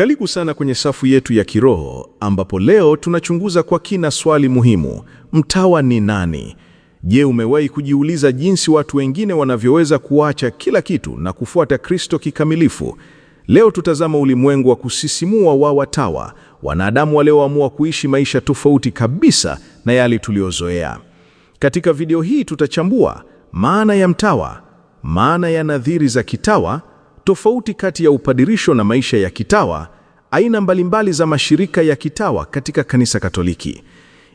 Karibu sana kwenye safu yetu ya kiroho ambapo leo tunachunguza kwa kina swali muhimu: mtawa ni nani? Je, umewahi kujiuliza jinsi watu wengine wanavyoweza kuacha kila kitu na kufuata Kristo kikamilifu? Leo tutazama ulimwengu wa kusisimua wa watawa, wanadamu walioamua kuishi maisha tofauti kabisa na yale tuliyozoea. Katika video hii tutachambua maana ya mtawa, maana ya nadhiri za kitawa tofauti kati ya upadirisho na maisha ya kitawa, aina mbalimbali za mashirika ya kitawa katika kanisa Katoliki.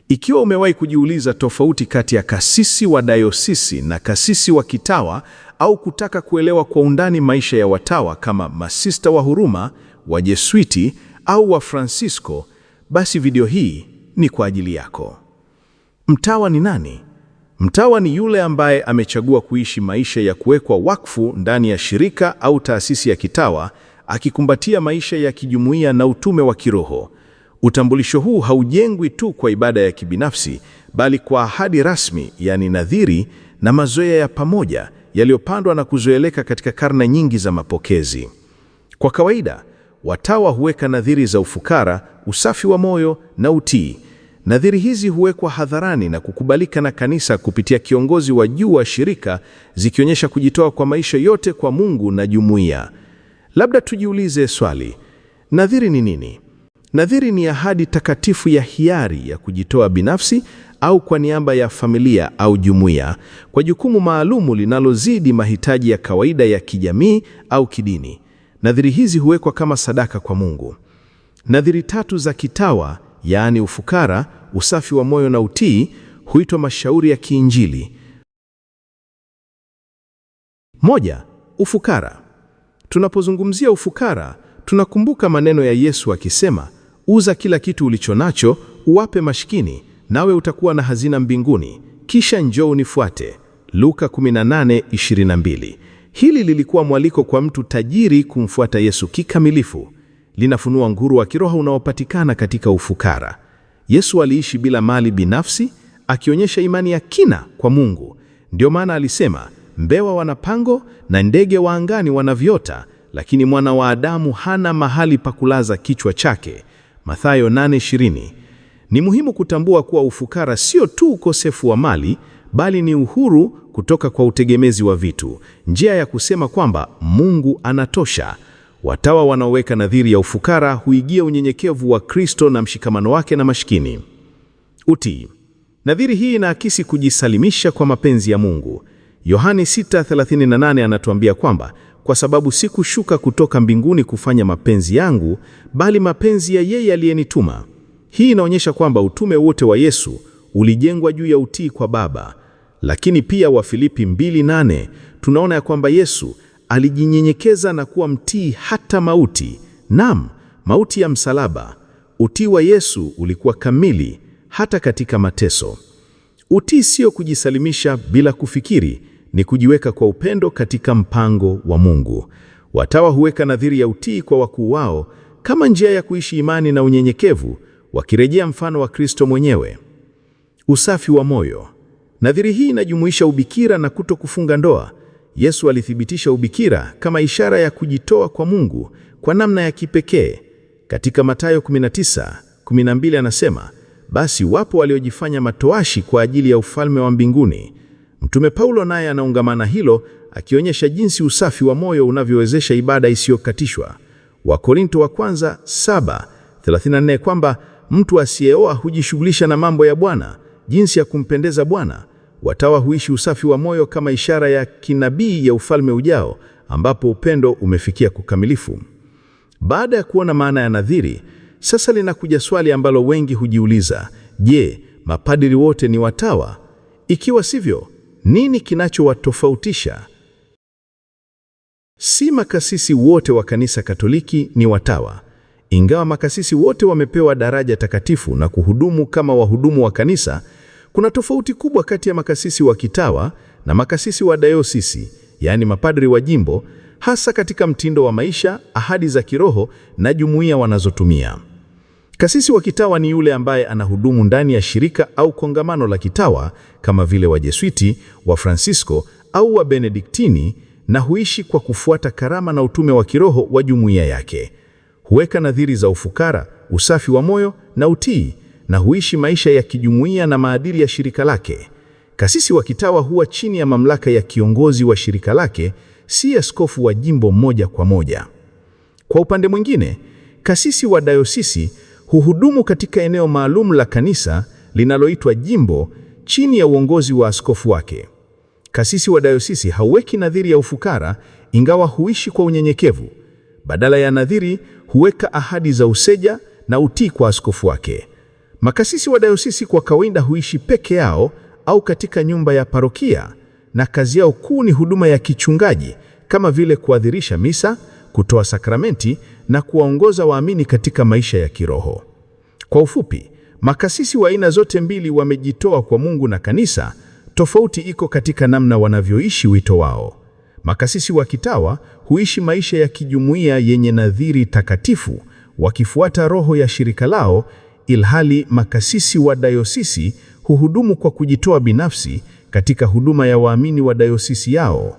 Ikiwa umewahi kujiuliza tofauti kati ya kasisi wa dayosisi na kasisi wa kitawa au kutaka kuelewa kwa undani maisha ya watawa kama masista wa huruma, wa Jesuiti au wa Francisco, basi video hii ni kwa ajili yako. Mtawa ni nani? Mtawa ni yule ambaye amechagua kuishi maisha ya kuwekwa wakfu ndani ya shirika au taasisi ya kitawa, akikumbatia maisha ya kijumuiya na utume wa kiroho. Utambulisho huu haujengwi tu kwa ibada ya kibinafsi, bali kwa ahadi rasmi, yani nadhiri, na mazoea ya pamoja yaliyopandwa na kuzoeleka katika karne nyingi za mapokezi. Kwa kawaida, watawa huweka nadhiri za ufukara, usafi wa moyo na utii Nadhiri hizi huwekwa hadharani na kukubalika na kanisa kupitia kiongozi wa juu wa shirika, zikionyesha kujitoa kwa maisha yote kwa Mungu na jumuiya. Labda tujiulize swali, nadhiri ni nini? Nadhiri ni ahadi takatifu ya hiari ya kujitoa binafsi au kwa niaba ya familia au jumuiya kwa jukumu maalumu linalozidi mahitaji ya kawaida ya kijamii au kidini. Nadhiri hizi huwekwa kama sadaka kwa Mungu. Nadhiri tatu za kitawa yaani ufukara, usafi wa moyo na utii, huitwa mashauri ya kiinjili. Moja, ufukara. Tunapozungumzia ufukara, tunakumbuka maneno ya Yesu akisema, uza kila kitu ulicho nacho, uwape maskini, nawe utakuwa na hazina mbinguni, kisha njoo unifuate. Luka 18:22. Hili lilikuwa mwaliko kwa mtu tajiri kumfuata Yesu kikamilifu linafunua nguru wa kiroho unaopatikana katika ufukara. Yesu aliishi bila mali binafsi, akionyesha imani ya kina kwa Mungu. Ndiyo maana alisema, mbewa wana pango na ndege wa angani wana viota, lakini mwana wa Adamu hana mahali pa kulaza kichwa chake. Mathayo 8:20. Ni muhimu kutambua kuwa ufukara sio tu ukosefu wa mali, bali ni uhuru kutoka kwa utegemezi wa vitu, njia ya kusema kwamba Mungu anatosha. Watawa wanaoweka nadhiri ya ufukara huigia unyenyekevu wa Kristo na mshikamano wake na mashikini. Utii. Nadhiri hii inaakisi kujisalimisha kwa mapenzi ya Mungu. Yohani 6:38 anatuambia kwamba kwa sababu sikushuka kutoka mbinguni kufanya mapenzi yangu, bali mapenzi ya yeye aliyenituma. Hii inaonyesha kwamba utume wote wa Yesu ulijengwa juu ya utii kwa Baba. Lakini pia Filipi 2:8 tunaona ya kwamba Yesu alijinyenyekeza na kuwa mtii hata mauti, nam mauti ya msalaba. Utii wa Yesu ulikuwa kamili hata katika mateso. Utii sio kujisalimisha bila kufikiri, ni kujiweka kwa upendo katika mpango wa Mungu. Watawa huweka nadhiri ya utii kwa wakuu wao kama njia ya kuishi imani na unyenyekevu, wakirejea mfano wa Kristo mwenyewe. Usafi wa moyo. Nadhiri hii inajumuisha ubikira na kuto kufunga ndoa Yesu alithibitisha ubikira kama ishara ya kujitoa kwa Mungu kwa namna ya kipekee. Katika Mathayo 19:12 anasema, basi wapo waliojifanya matoashi kwa ajili ya ufalme wa mbinguni. Mtume Paulo naye anaungamana hilo, akionyesha jinsi usafi wa moyo unavyowezesha ibada isiyokatishwa. Wakorinto wa kwanza 7:34 kwamba mtu asiyeoa hujishughulisha na mambo ya Bwana, jinsi ya kumpendeza Bwana Watawa huishi usafi wa moyo kama ishara ya kinabii ya ufalme ujao ambapo upendo umefikia kukamilifu. Baada ya kuona maana ya nadhiri, sasa linakuja swali ambalo wengi hujiuliza: je, mapadiri wote ni watawa? Ikiwa sivyo, nini kinachowatofautisha? Si makasisi wote wa kanisa Katoliki ni watawa. Ingawa makasisi wote wamepewa daraja takatifu na kuhudumu kama wahudumu wa kanisa kuna tofauti kubwa kati ya makasisi wa kitawa na makasisi wa dayosisi, yaani mapadri wa jimbo, hasa katika mtindo wa maisha, ahadi za kiroho na jumuiya wanazotumia. Kasisi wa kitawa ni yule ambaye anahudumu ndani ya shirika au kongamano la kitawa kama vile Wajeswiti, francisco au Wabenediktini na huishi kwa kufuata karama na utume wa kiroho wa jumuiya yake. Huweka nadhiri za ufukara, usafi wa moyo na utii na huishi maisha ya kijumuiya na maadili ya shirika lake. Kasisi wa kitawa huwa chini ya mamlaka ya kiongozi wa shirika lake, si askofu wa jimbo moja kwa moja. Kwa upande mwingine, kasisi wa dayosisi huhudumu katika eneo maalum la kanisa linaloitwa jimbo chini ya uongozi wa askofu wake. Kasisi wa dayosisi hauweki nadhiri ya ufukara, ingawa huishi kwa unyenyekevu. Badala ya nadhiri, huweka ahadi za useja na utii kwa askofu wake. Makasisi wa dayosisi kwa kawaida huishi peke yao au katika nyumba ya parokia, na kazi yao kuu ni huduma ya kichungaji kama vile kuadhirisha misa, kutoa sakramenti na kuwaongoza waamini katika maisha ya kiroho. Kwa ufupi, makasisi wa aina zote mbili wamejitoa kwa Mungu na kanisa, tofauti iko katika namna wanavyoishi wito wao. Makasisi wa kitawa huishi maisha ya kijumuiya yenye nadhiri takatifu, wakifuata roho ya shirika lao ilhali makasisi wa dayosisi huhudumu kwa kujitoa binafsi katika huduma ya waamini wa dayosisi yao.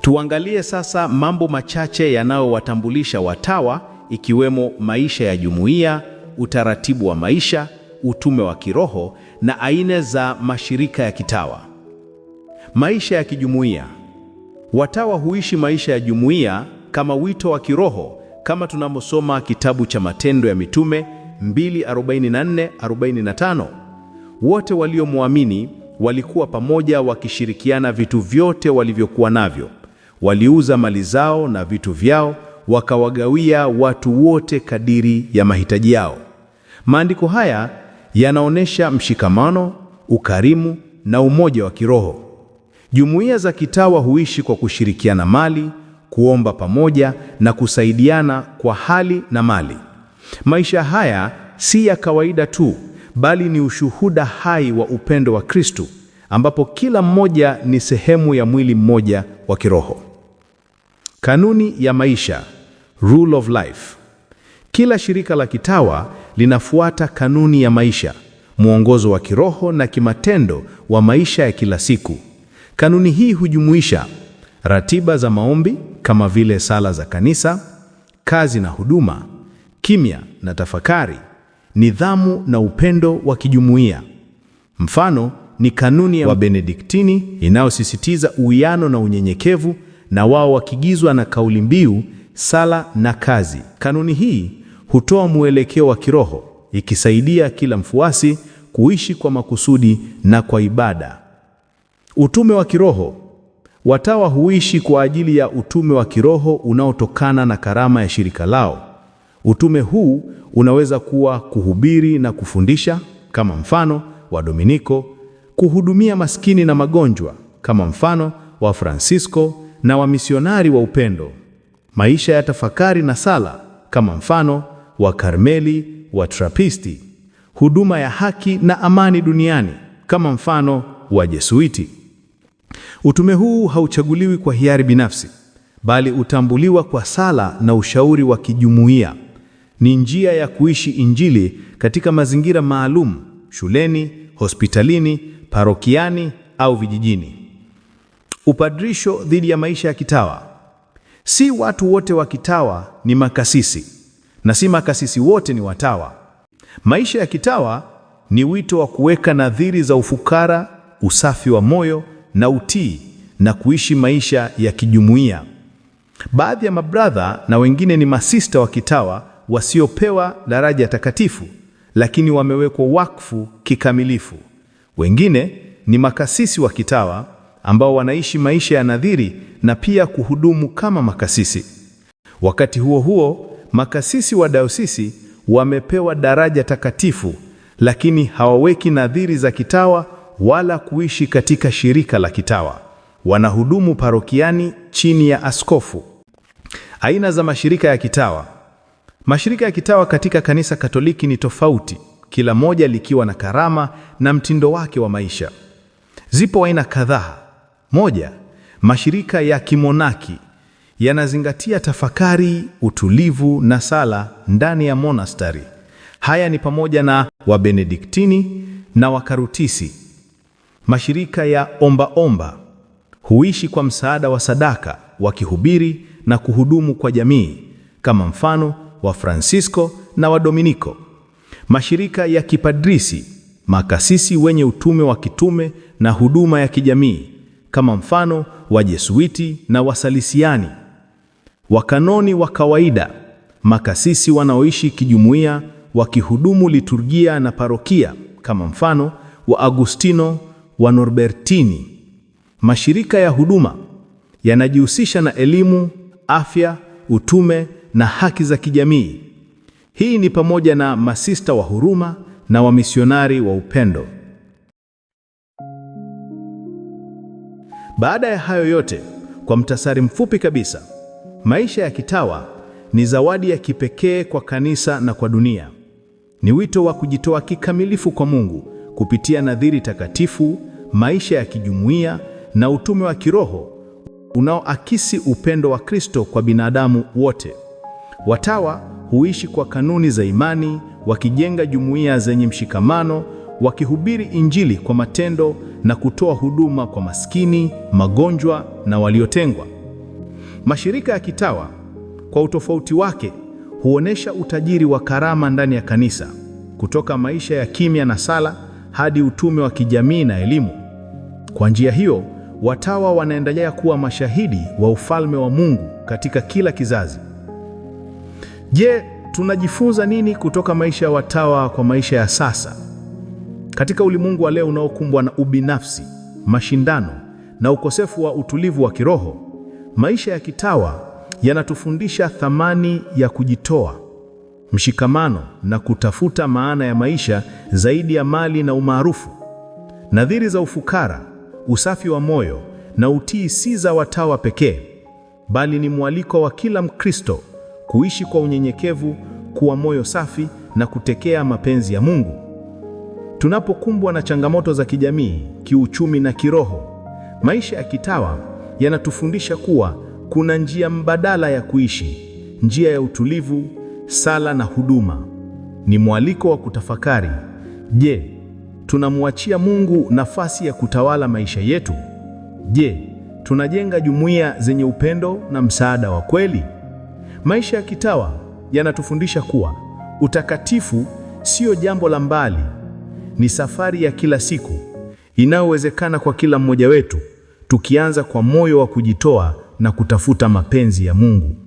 Tuangalie sasa mambo machache yanayowatambulisha watawa ikiwemo maisha ya jumuiya, utaratibu wa maisha utume wa kiroho na aina za mashirika ya kitawa. Maisha ya kijumuiya. Watawa huishi maisha ya jumuiya kama wito wa kiroho, kama tunavyosoma kitabu cha Matendo ya Mitume 2:44, 45. Wote waliomwamini walikuwa pamoja wakishirikiana vitu vyote walivyokuwa navyo. Waliuza mali zao na vitu vyao wakawagawia watu wote kadiri ya mahitaji yao. Maandiko haya yanaonyesha mshikamano, ukarimu na umoja wa kiroho. Jumuiya za kitawa huishi kwa kushirikiana mali, kuomba pamoja na kusaidiana kwa hali na mali. Maisha haya si ya kawaida tu, bali ni ushuhuda hai wa upendo wa Kristo, ambapo kila mmoja ni sehemu ya mwili mmoja wa kiroho. Kanuni ya maisha, rule of life. Kila shirika la kitawa linafuata kanuni ya maisha, mwongozo wa kiroho na kimatendo wa maisha ya kila siku. Kanuni hii hujumuisha ratiba za maombi kama vile sala za kanisa, kazi na huduma, kimya na tafakari, nidhamu na upendo wa kijumuiya. Mfano ni kanuni ya Wabenediktini inayosisitiza uwiano na unyenyekevu, na wao wakigizwa na kauli mbiu sala na kazi. Kanuni hii hutoa mwelekeo wa kiroho, ikisaidia kila mfuasi kuishi kwa makusudi na kwa ibada. Utume wa kiroho. Watawa huishi kwa ajili ya utume wa kiroho unaotokana na karama ya shirika lao. Utume huu unaweza kuwa kuhubiri na kufundisha kama mfano wa Dominiko, kuhudumia maskini na magonjwa kama mfano wa Francisco na wamisionari wa upendo, maisha ya tafakari na sala kama mfano wa Karmeli, wa Trapisti, huduma ya haki na amani duniani kama mfano wa Jesuiti. Utume huu hauchaguliwi kwa hiari binafsi, bali utambuliwa kwa sala na ushauri wa kijumuiya. Ni njia ya kuishi Injili katika mazingira maalum, shuleni, hospitalini, parokiani au vijijini. Upadrisho dhidi ya maisha ya kitawa. Si watu wote wa kitawa ni makasisi na si makasisi wote ni watawa. Maisha ya kitawa ni wito wa kuweka nadhiri za ufukara, usafi wa moyo na utii, na kuishi maisha ya kijumuiya. Baadhi ya mabradha na wengine ni masista wa kitawa wasiopewa daraja takatifu, lakini wamewekwa wakfu kikamilifu. Wengine ni makasisi wa kitawa ambao wanaishi maisha ya nadhiri na pia kuhudumu kama makasisi. Wakati huo huo Makasisi wa dayosisi wamepewa daraja takatifu, lakini hawaweki nadhiri za kitawa wala kuishi katika shirika la kitawa. Wanahudumu parokiani chini ya askofu. Aina za mashirika ya kitawa. Mashirika ya kitawa katika Kanisa Katoliki ni tofauti, kila moja likiwa na karama na mtindo wake wa maisha. Zipo aina kadhaa. Moja, mashirika ya kimonaki yanazingatia tafakari, utulivu na sala ndani ya monastari. Haya ni pamoja na Wabenediktini na Wakarutisi. Mashirika ya ombaomba huishi kwa msaada wa sadaka, wakihubiri na kuhudumu kwa jamii, kama mfano wa Francisco na Wadominiko. Mashirika ya kipadrisi, makasisi wenye utume wa kitume na huduma ya kijamii, kama mfano wa Jesuiti na Wasalisiani. Wakanoni wa kawaida, makasisi wanaoishi kijumuiya wakihudumu liturgia na parokia, kama mfano wa Agustino wa Norbertini. Mashirika ya huduma yanajihusisha na elimu, afya, utume na haki za kijamii. Hii ni pamoja na masista wa huruma na wamisionari wa upendo. Baada ya hayo yote, kwa mtasari mfupi kabisa Maisha ya kitawa ni zawadi ya kipekee kwa kanisa na kwa dunia. Ni wito wa kujitoa kikamilifu kwa Mungu kupitia nadhiri takatifu, maisha ya kijumuiya na utume wa kiroho unaoakisi upendo wa Kristo kwa binadamu wote. Watawa huishi kwa kanuni za imani, wakijenga jumuiya zenye mshikamano, wakihubiri Injili kwa matendo na kutoa huduma kwa maskini, magonjwa na waliotengwa. Mashirika ya kitawa kwa utofauti wake huonesha utajiri wa karama ndani ya kanisa, kutoka maisha ya kimya na sala hadi utume wa kijamii na elimu. Kwa njia hiyo, watawa wanaendelea kuwa mashahidi wa ufalme wa Mungu katika kila kizazi. Je, tunajifunza nini kutoka maisha ya watawa kwa maisha ya sasa? Katika ulimwengu wa leo unaokumbwa na ubinafsi, mashindano na ukosefu wa utulivu wa kiroho, Maisha ya kitawa yanatufundisha thamani ya kujitoa, mshikamano na kutafuta maana ya maisha zaidi ya mali na umaarufu. Nadhiri za ufukara, usafi wa moyo na utii si za watawa pekee, bali ni mwaliko wa kila Mkristo kuishi kwa unyenyekevu, kuwa moyo safi na kutekea mapenzi ya Mungu. Tunapokumbwa na changamoto za kijamii, kiuchumi na kiroho, maisha ya kitawa yanatufundisha kuwa kuna njia mbadala ya kuishi, njia ya utulivu, sala na huduma. Ni mwaliko wa kutafakari. Je, tunamwachia Mungu nafasi ya kutawala maisha yetu? Je, tunajenga jumuiya zenye upendo na msaada wa kweli? Maisha ya kitawa yanatufundisha kuwa utakatifu sio jambo la mbali, ni safari ya kila siku inayowezekana kwa kila mmoja wetu tukianza kwa moyo wa kujitoa na kutafuta mapenzi ya Mungu.